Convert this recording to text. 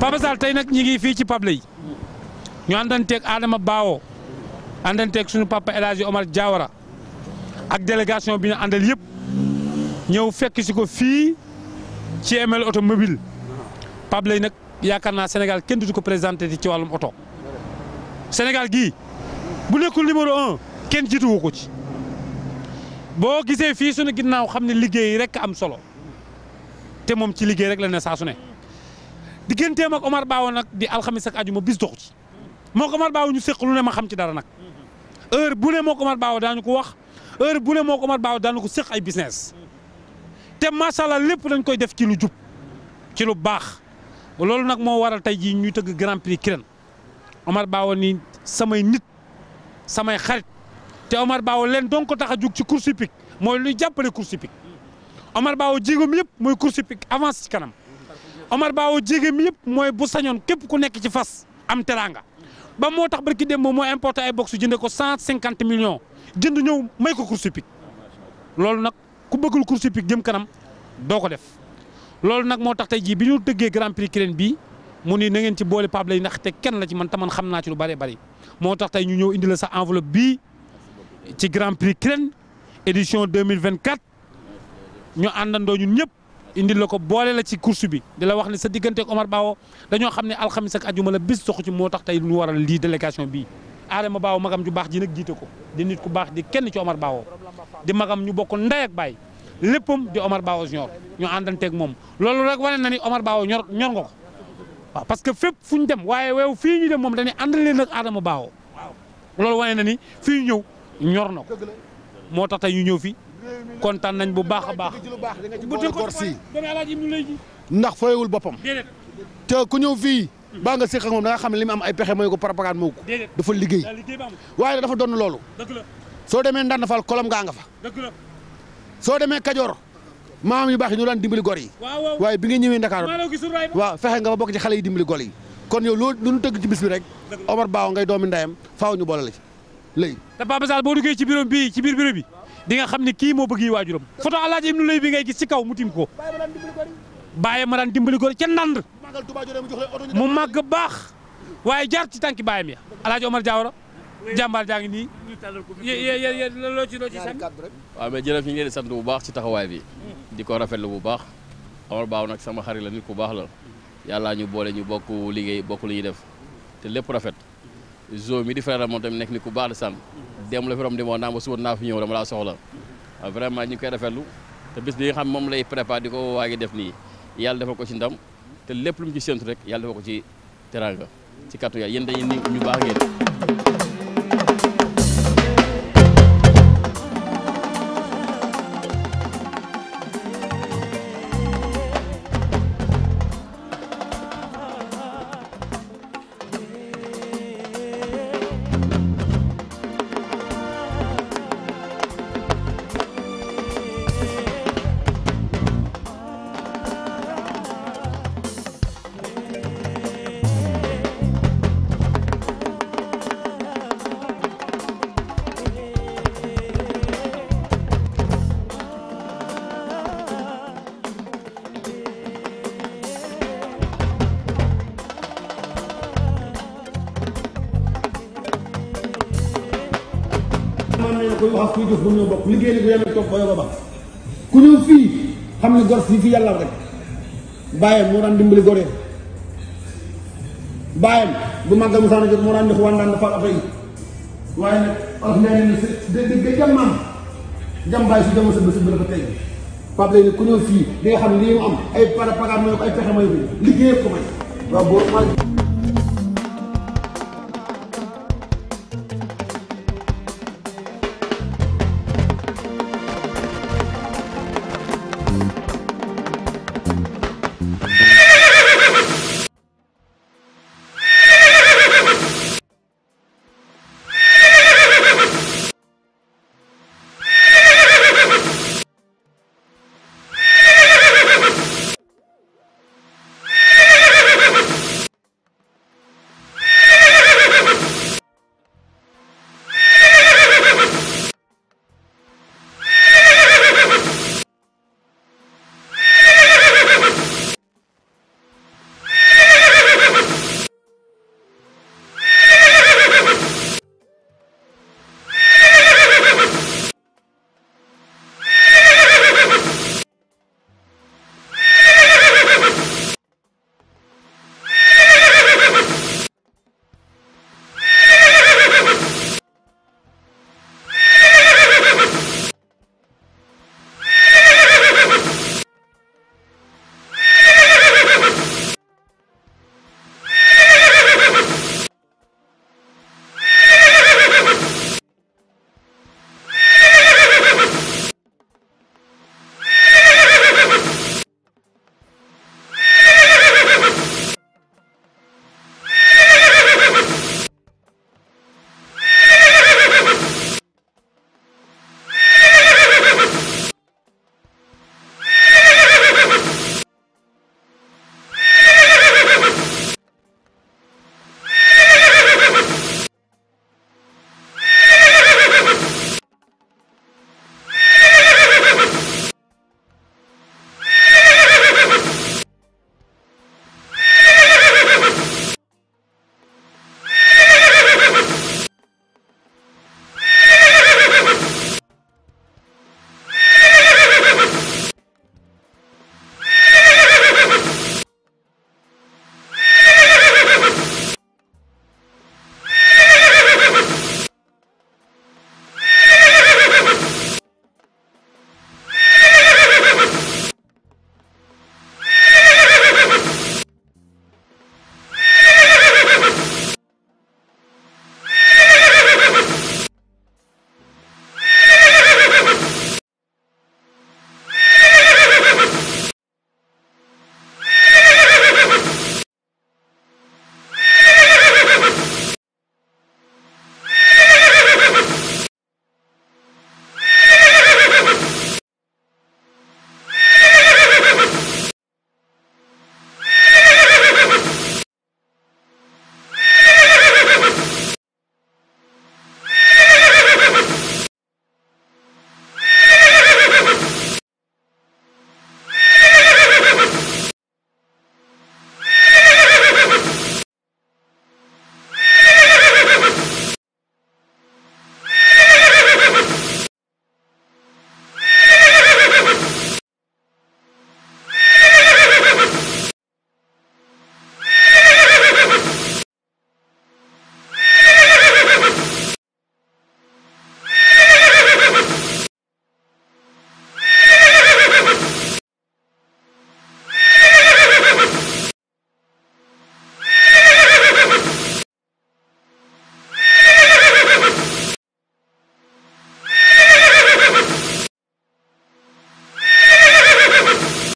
Papa Sall tey nag ñi ngi fii ci Pable yi ñu àndanteeg Adama Baawo àndanteeg suñu papa El Hadji Omar Diawara ak délégation bi ñu àndal yëpp ñëw fekk si ko fii ci ML automobile Pable yi nag yaakaar naa Sénégal kenn du ko présenté ci wàllum oto Sénégal gi bu nekkul numéro un kenn jiituwu ko ci boo gisee fii suñu ginnaaw xam ne liggéey rek am solo te moom ci liggéey rek la ne saa su diggante ak Omar Baawo nag di alxamis ak ajuma bis doxu ci moo ko Omar baaw ñu seq lu ne ma xam ci dara nag heure bu ne moo ko Omar Baawo daañu ko wax heure bu ne moo ko Omar baaw daañu ko seq ay business te macha allah lépp dañ koy def ci lu jub ci lu baax loolu nag moo waral tey jii ñuy tëgg Grand Prix Kirène Omar Baawo ni samay nit samay xarit te Omar Baawo leen doon tax a jug ci course hippique mooy luy jàppale course hippique Omar Baawo jéegoom yëpp mooy course hippique kanam. Omar Baawo jéegéem yëpp mooy bu sañoon képp ku nekk ci fas am teraanga ba moo tax ki dem moom moo importé ay box jënde ko cent cinquante millions jënd ñëw may ko course hippique loolu nag ku bëggul course hippique jëm kanam doo ko def loolu nag moo tax tey jii bi ñu tëggee grand prix Kirène bii mu ni na ngeen ci boole Pape lay ndax te kenn la ci man taman xam naa ci lu bëree bëri moo tax tey ñu ñëw indi la sa enveloppe bii ci grand prix Kirène édition 2024 ñu àndandoo ñun ñëpp indil la ko boole la ci course bi di la wax ne sa digganteeg Omar Bawo dañoo xam ne alxamis ak ajuma la bis soxu ci moo tax tey ñu war a lii délégation bii Adama Bawo magam ju baax ji nag jiite ko di nit ku baax di kenn ci Omar Bawo di magam ñu bokk ndey ak baay léppam di Omar Bawo ñor ñu moom loolu rek na ni Omar Bawo ñor ñor nga ko waaw parce que fépp fu ñu dem waaye weew fii ñu dem moom dañuy àndal leen ak Adama Bawo loolu wane na ni fii ñëw ñor na ko moo tax tey ñu ñëw fi Kontan nañ bu baaxa baax. bu teg ko ji ndax foyewul bopam te ku ñew fi ba nga séq ak moom da nga xam ne li mu am ay pexé moy ko propagande moko dafa liggey way dafa doon loolu. so demee ndan fal kolam ga nga fa. so demee kadior maam yu baax ñu lan dimbali gor yi. way bi nga ñewé wa fexé nga ba bok ci xalé yi dimbali gor yi. kon yow lu ñu ci bis bi rek. Omar Baaw ngay doomi ndayam faaw ñu bolale ci te Papa sal bo duggé ci bi ci biir bi. di nga xam ne kii moo bëgg yi waajuram photo alaaji ibnu lay bi ngay gis si kaw mu tim ko bàyyi ma daan dimbali ko ca ndand mu màgg baax waaye jaar ci tànki bàyyam ya alaaji Omar Diawara jàmbaar jaa ngi nii loo ci waaw mais jërëjëf ñu ngi leen sant bu baax ci taxawaay bi di ko rafetlu bu baax Omar Baaw nag sama xarit la nit ku baax la yàllaa ñu boole ñu bokk liggéey bokk lu ñuy def te lépp rafet zo mi di frère moom tamit nekk nit ku baax di sant dem la fi rom di moo naa ma suba naa fi ñëw dama laa soxla vraiment ñu ngi koy rafetlu te bis bi nga xam moom lay préparé di ko waa def nii yàlla defal ko ci ndam te lépp lu mu ci séntu rek yàlla defal ko ci teraanga ci kàttu yàlla yéen dañuy ni ñu baax ngeen xam nañ ne kuy wax kuy jëf mënuñoo bokk liggéey ni bu yemee toog ba ba ku ñëw fii xam ne gor si fi yàlla rek bàyyam moo daan dimbali gore bàyyam bu màggal musaana jot jox waan daan da sa bés bi dafa tey Pape lay ni ku ñëw fii di nga xam ne lii mu am ay para pagaat mayu ko ay pexe mayu ko liggéey ko may waaw boo